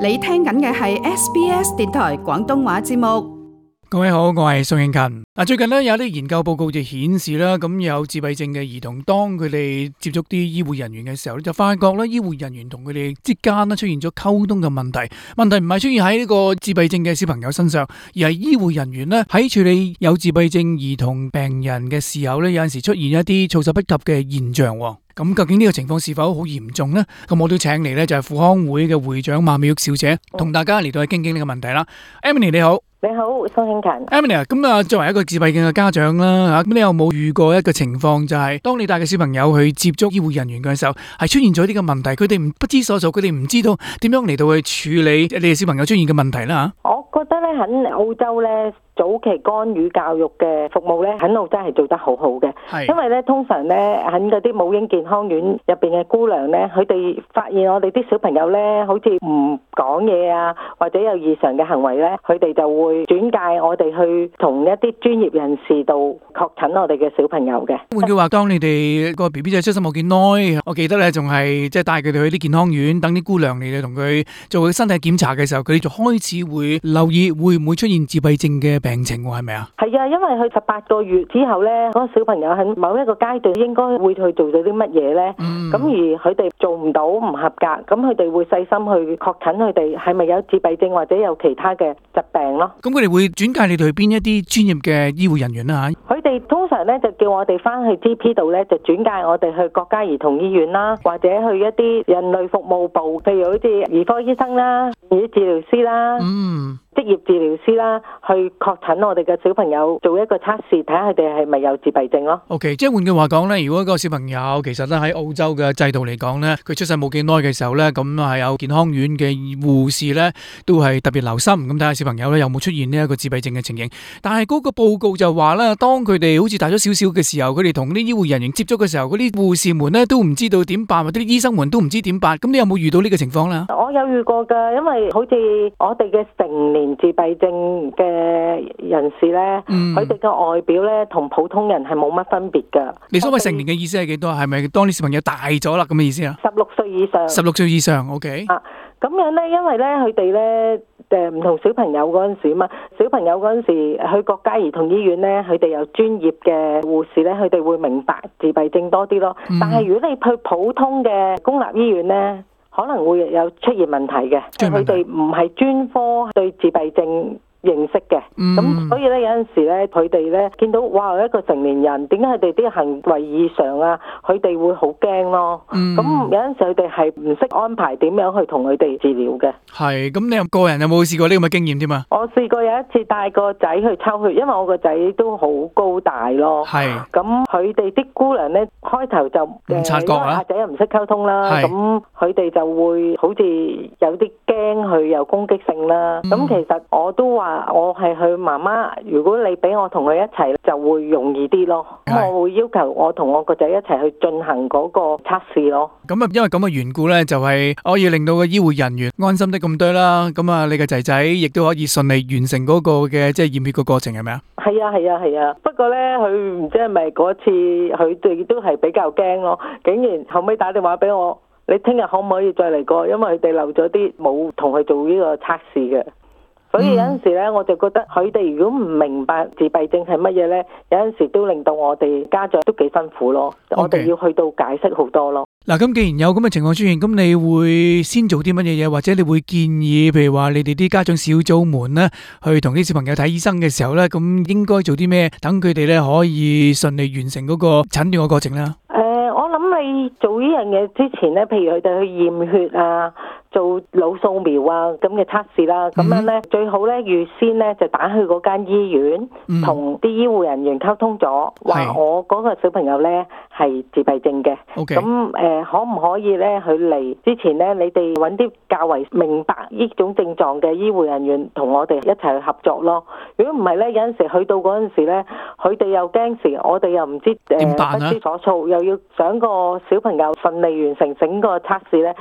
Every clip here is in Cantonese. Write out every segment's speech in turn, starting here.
你聽緊嘅係 SBS 電台廣東話節目。各位好，我係宋英勤。嗱，最近咧有啲研究報告就顯示啦，咁有自閉症嘅兒童，當佢哋接觸啲醫護人員嘅時候咧，就發覺咧，醫護人員同佢哋之間咧出現咗溝通嘅問題。問題唔係出現喺呢個自閉症嘅小朋友身上，而係醫護人員咧喺處理有自閉症兒童病人嘅時候咧，有陣時出現一啲措手不及嘅現象。咁究竟呢個情況是否好嚴重呢？咁我都請嚟呢，就係扶康會嘅會長馬妙玉小姐，同大家嚟到去傾傾呢個問題啦。Emily 你好。你好，蘇慶勤，Amelia，咁啊，ina，作為一個自閉症嘅家長啦，吓，咁你有冇遇過一個情況，就係當你帶嘅小朋友去接觸醫護人員嗰陣時候，係出現咗呢個問題，佢哋唔不知所措，佢哋唔知道點樣嚟到去處理你哋小朋友出現嘅問題啦？吓，我覺得咧，喺澳洲咧。早期干預教育嘅服務咧，肯澳真係做得好好嘅。係，因為咧，通常咧喺嗰啲母嬰健康院入邊嘅姑娘咧，佢哋發現我哋啲小朋友咧，好似唔講嘢啊，或者有異常嘅行為咧，佢哋就會轉介我哋去同一啲專業人士度確診我哋嘅小朋友嘅。換句話，當你哋個 B B 仔出生冇幾耐，我記得咧仲係即係帶佢哋去啲健康院，等啲姑娘嚟啊同佢做佢身體檢查嘅時候，佢哋就開始會留意會唔會出現自閉症嘅病。病情係咪啊？係啊，因為佢十八個月之後呢，嗰、那個小朋友喺某一個階段應該會去做到啲乜嘢呢？咁、嗯、而佢哋做唔到唔合格，咁佢哋會細心去確診佢哋係咪有自閉症或者有其他嘅疾病咯。咁佢哋會轉介你去邊一啲專業嘅醫護人員啦。佢哋通常呢，就叫我哋翻去 GP 度呢，就轉介我哋去國家兒童醫院啦，或者去一啲人類服務部，譬如好似兒科醫生啦、啲治療師啦。嗯。職業治療師啦，去確診我哋嘅小朋友做一個測試，睇下佢哋係咪有自閉症咯。OK，即係換句話講呢，如果一個小朋友其實咧喺澳洲嘅制度嚟講呢，佢出世冇幾耐嘅時候呢，咁係有健康院嘅護士呢，都係特別留心，咁睇下小朋友呢，有冇出現呢一個自閉症嘅情形。但係嗰個報告就話呢，當佢哋好似大咗少少嘅時候，佢哋同啲醫護人員接觸嘅時候，嗰啲護士們呢，都唔知道點辦，或者啲醫生們都唔知點辦。咁你有冇遇到呢個情況呢？我有遇過噶，因為好似我哋嘅成年。自閉症嘅人士呢，佢哋嘅外表呢，同普通人係冇乜分別噶。所以你所謂成年嘅意思係幾多？係咪當你小朋友大咗啦咁嘅意思啊？十六歲以上。十六歲以上，OK。啊，咁樣呢，因為呢，佢哋呢，誒唔同小朋友嗰陣時啊嘛。小朋友嗰陣時去國家兒童醫院呢，佢哋有專業嘅護士呢，佢哋會明白自閉症多啲咯。嗯、但係如果你去普通嘅公立醫院呢？可能會有出現問題嘅，佢哋唔係專科對自閉症。認識嘅，咁、嗯、所以咧有陣時咧，佢哋咧見到哇一個成年人，點解佢哋啲行為異常啊？佢哋會好驚咯。咁、嗯、有陣時佢哋係唔識安排點樣去同佢哋治療嘅。係，咁你有個人有冇試過呢咁嘅經驗添啊？我試過有一次帶個仔去抽血，因為我個仔都好高大咯。係是。咁佢哋啲姑娘咧，開頭就唔、呃、察覺，仔又唔識溝通啦。咁佢哋就會好似有啲驚，佢有攻擊性啦。咁是其實我都話。我係佢媽媽，如果你俾我同佢一齊，就會容易啲咯。咁我會要求我同我個仔一齊去進行嗰個測試咯。咁啊，因為咁嘅緣故呢，就係可以令到個醫護人員安心得咁多啦。咁啊，你個仔仔亦都可以順利完成嗰個嘅即係驗血嘅過程，係咪啊？係啊係啊係啊！不過呢，佢唔知係咪嗰次佢哋都係比較驚咯，竟然後尾打電話俾我，你聽日可唔可以再嚟過？因為佢哋漏咗啲冇同佢做呢個測試嘅。所以有陣時咧，我就覺得佢哋如果唔明白自閉症係乜嘢咧，有陣時都令到我哋家長都幾辛苦咯。Okay. 我哋要去到解釋好多咯。嗱，咁既然有咁嘅情況出現，咁你會先做啲乜嘢嘢，或者你會建議，譬如話你哋啲家長小組們咧，去同啲小朋友睇醫生嘅時候咧，咁應該做啲咩，等佢哋咧可以順利完成嗰個診斷嘅過程啦。誒、呃，我諗你做呢樣嘢之前咧，譬如佢哋去驗血啊。做腦掃描啊，咁嘅測試啦，咁樣咧、嗯、最好咧預先咧就打去嗰間醫院，同啲醫護人員溝通咗，話、嗯、我嗰個小朋友咧係自閉症嘅，咁誒、嗯呃、可唔可以咧佢嚟之前咧你哋揾啲較為明白呢種症狀嘅醫護人員同我哋一齊去合作咯。如果唔係咧，有陣時去到嗰陣時咧，佢哋又驚時，我哋又唔知點、呃、不知所措，又要想個小朋友順利完成整個測試咧，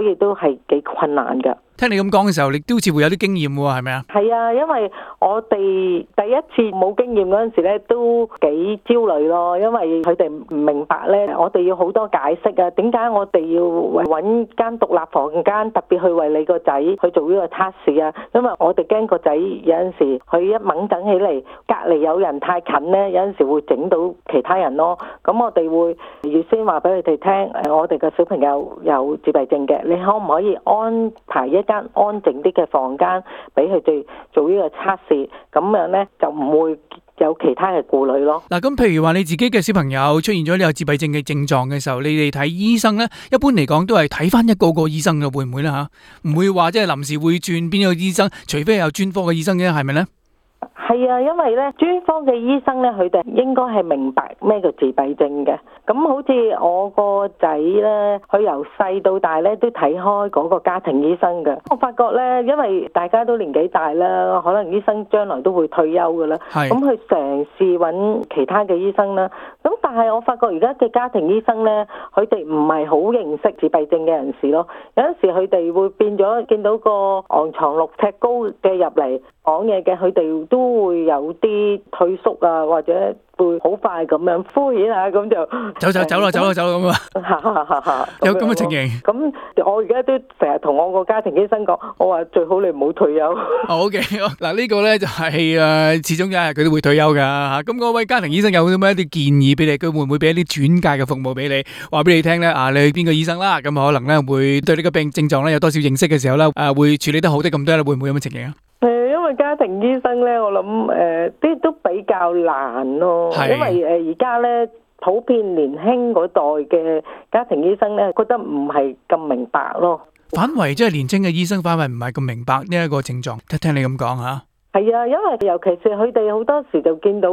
亦都都係幾困難噶。聽你咁講嘅時候，你都似會有啲經驗喎，係咪啊？係啊，因為我哋第一次冇經驗嗰陣時咧，都幾焦慮咯。因為佢哋唔明白咧，我哋要好多解釋啊。點解我哋要搵搵間獨立房間，特別去為你個仔去做呢個測試啊？因為我哋驚個仔有陣時，佢一猛等起嚟，隔籬有人太近咧，有陣時會整到其他人咯。咁我哋會要先話俾佢哋聽，誒，我哋個小朋友有，有自閉症嘅，你可唔可以安排一？間安靜啲嘅房間，俾佢哋做呢個測試，咁樣呢就唔會有其他嘅顧慮咯。嗱，咁譬如話你自己嘅小朋友出現咗呢有自閉症嘅症狀嘅時候，你哋睇醫生呢，一般嚟講都係睇翻一個個醫生嘅會唔會咧吓？唔會話即係臨時會轉邊個醫生，除非有專科嘅醫生嘅係咪呢？係啊，因為咧，專科嘅醫生咧，佢哋應該係明白咩叫自閉症嘅。咁好似我個仔咧，佢由細到大咧都睇開嗰個家庭醫生嘅。我發覺咧，因為大家都年紀大啦，可能醫生將來都會退休㗎啦。係是。咁去嘗試揾其他嘅醫生啦。咁但係我發覺而家嘅家庭醫生咧，佢哋唔係好認識自閉症嘅人士咯。有陣時佢哋會變咗，見到個昂藏六尺高嘅入嚟講嘢嘅，佢哋都～會有啲退縮啊，或者會好快咁樣敷衍下咁就走走走啦，嗯、走啦走啦咁啊！ 哈哈哈哈有咁嘅情形？咁我而家都成日同我個家庭醫生講，我話最好你唔好退休。好 嘅、okay, 就是，嗱呢個咧就係誒，始終有一日佢都會退休噶吓。咁嗰位家庭醫生有冇咩一啲建議俾你？佢會唔會俾一啲轉介嘅服務俾你？話俾你聽咧啊，你去邊個醫生啦？咁可能咧會對呢個病症狀咧有多少認識嘅時候咧啊，會處理得好啲咁多咧？會唔會有咁嘅情形啊？家庭醫生咧，我諗誒啲都比較難咯，因為誒而家咧普遍年輕嗰代嘅家庭醫生咧，覺得唔係咁明白咯。反為即係年輕嘅醫生反為唔係咁明白呢一個症狀。聽聽你咁講嚇。係啊，因為尤其是佢哋好多時就見到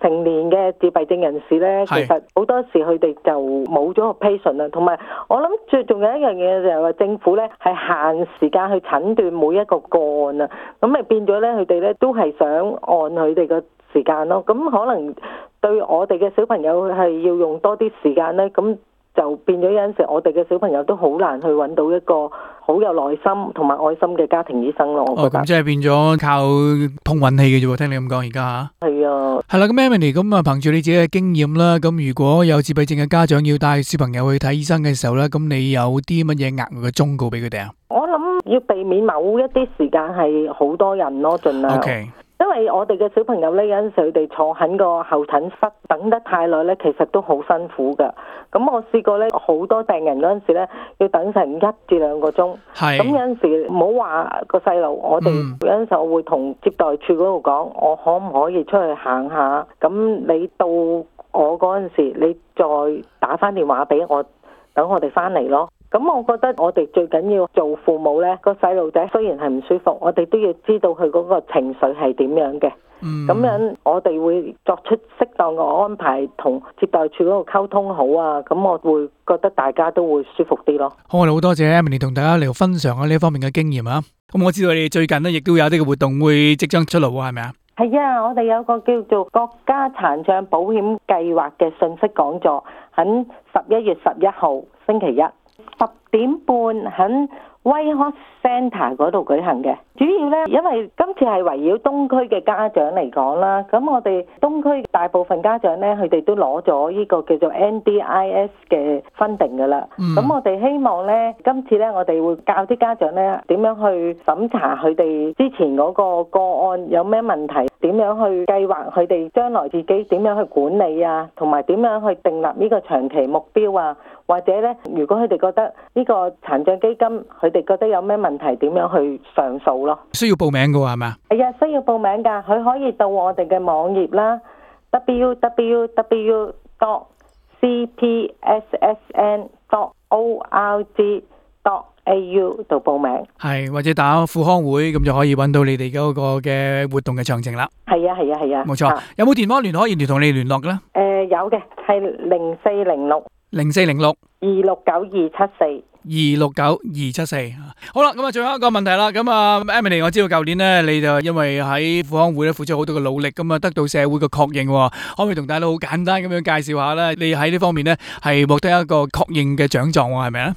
成年嘅自閉症人士咧，是其實好多時佢哋就冇咗個 patient 啦。同埋我諗最仲有一樣嘢就係話政府咧係限時間去診斷每一個個案啊。咁咪變咗咧，佢哋咧都係想按佢哋嘅時間咯。咁可能對我哋嘅小朋友係要用多啲時間咧，咁就變咗有陣時我哋嘅小朋友都好難去揾到一個好有耐心同埋愛心嘅家庭醫生咯，我覺得哦，咁即係變咗靠碰運氣嘅啫喎，聽你咁講而家吓，係啊，係啦，咁 Emily，咁啊，憑住你自己嘅經驗啦，咁如果有自閉症嘅家長要帶小朋友去睇醫生嘅時候咧，咁你有啲乜嘢額外嘅忠告俾佢哋啊？我諗要避免某一啲時間係好多人咯，盡量。OK。因為我哋嘅小朋友呢，有陣時佢哋坐喺個候診室等得太耐呢，其實都好辛苦噶。咁我試過呢，好多病人嗰陣時呢要等成一至兩個鐘。係咁是有陣時唔好話個細路，我哋、嗯、有陣時我會同接待處嗰度講，我可唔可以出去行下？咁你到我嗰陣時，你再打翻電話俾我，等我哋翻嚟咯。咁，我覺得我哋最緊要做父母呢、個細路仔雖然係唔舒服，我哋都要知道佢嗰個情緒係點樣嘅。咁、嗯、樣我哋會作出適當嘅安排，同接待處嗰度溝通好啊。咁我會覺得大家都會舒服啲咯。好，我哋好多謝 Emily 同大家嚟分享啊，呢方面嘅經驗啊。咁、嗯、我知道你最近呢亦都有啲嘅活動會即將出爐，係咪啊？係啊，我哋有個叫做國家殘障保險計劃嘅信息講座，喺十一月十一號星期一。十點半喺威客 Centre 嗰度舉行嘅，主要呢，因為今次係圍繞東區嘅家長嚟講啦。咁我哋東區大部分家長呢，佢哋都攞咗呢個叫做 N D I S 嘅分定㗎喇。咁我哋希望呢，今次呢，我哋會教啲家長呢，點樣去審查佢哋之前嗰個個案有咩問題。點樣去計劃佢哋將來自己點樣去管理啊，同埋點樣去訂立呢個長期目標啊？或者呢，如果佢哋覺得呢個殘障基金，佢哋覺得有咩問題，點樣去上訴咯？需要報名嘅喎係嘛？係啊、哎，需要報名㗎。佢可以到我哋嘅網頁啦，www dot cpssn dot org dot A U 度報名係或者打富康會，咁就可以搵到你哋嗰個嘅活動嘅詳情啦。係啊係啊係啊，冇錯。有冇電話聯可以同你聯絡嘅咧？誒、呃，有嘅，係零四零六零四零六二六九二七四二六九二七四。好啦，咁啊，最後一個問題啦。咁啊，Emily，我知道舊年呢，你就因為喺富康會咧付出好多嘅努力，咁啊，得到社會嘅確認。可唔可以同大家好簡單咁樣介紹下呢？你喺呢方面呢，係獲得一個確認嘅獎狀，係咪啊？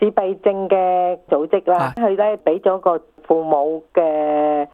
自閉症嘅組織啦，佢咧俾咗個父母嘅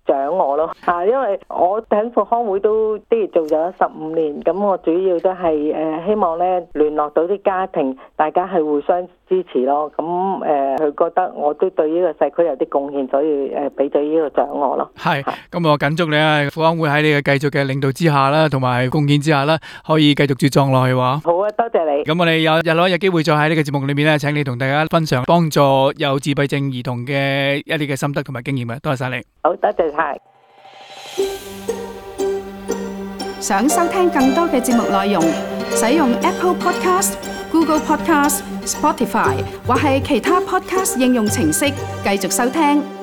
獎我咯，啊，因為我喺復康會，都啲做咗十五年，咁我主要都係誒希望咧聯絡到啲家庭，大家係互相支持咯，咁誒佢覺得我都對呢個社區有啲貢獻，所以誒俾咗呢個獎我咯。係，咁我謹祝你啊，復康會喺你嘅繼續嘅領導之下啦，同埋貢獻之下啦，可以繼續茁壯落去喎。好啊，多謝你。咁我哋有日落有機會再喺呢個節目裏面咧，請你同大家分享。幫助有自閉症兒童嘅一啲嘅心得同埋經驗嘅，多謝晒你。好，多謝晒。想收聽更多嘅節目內容，使用 Apple Podcast、Google Podcast、Spotify 或係其他 Podcast 應用程式繼續收聽。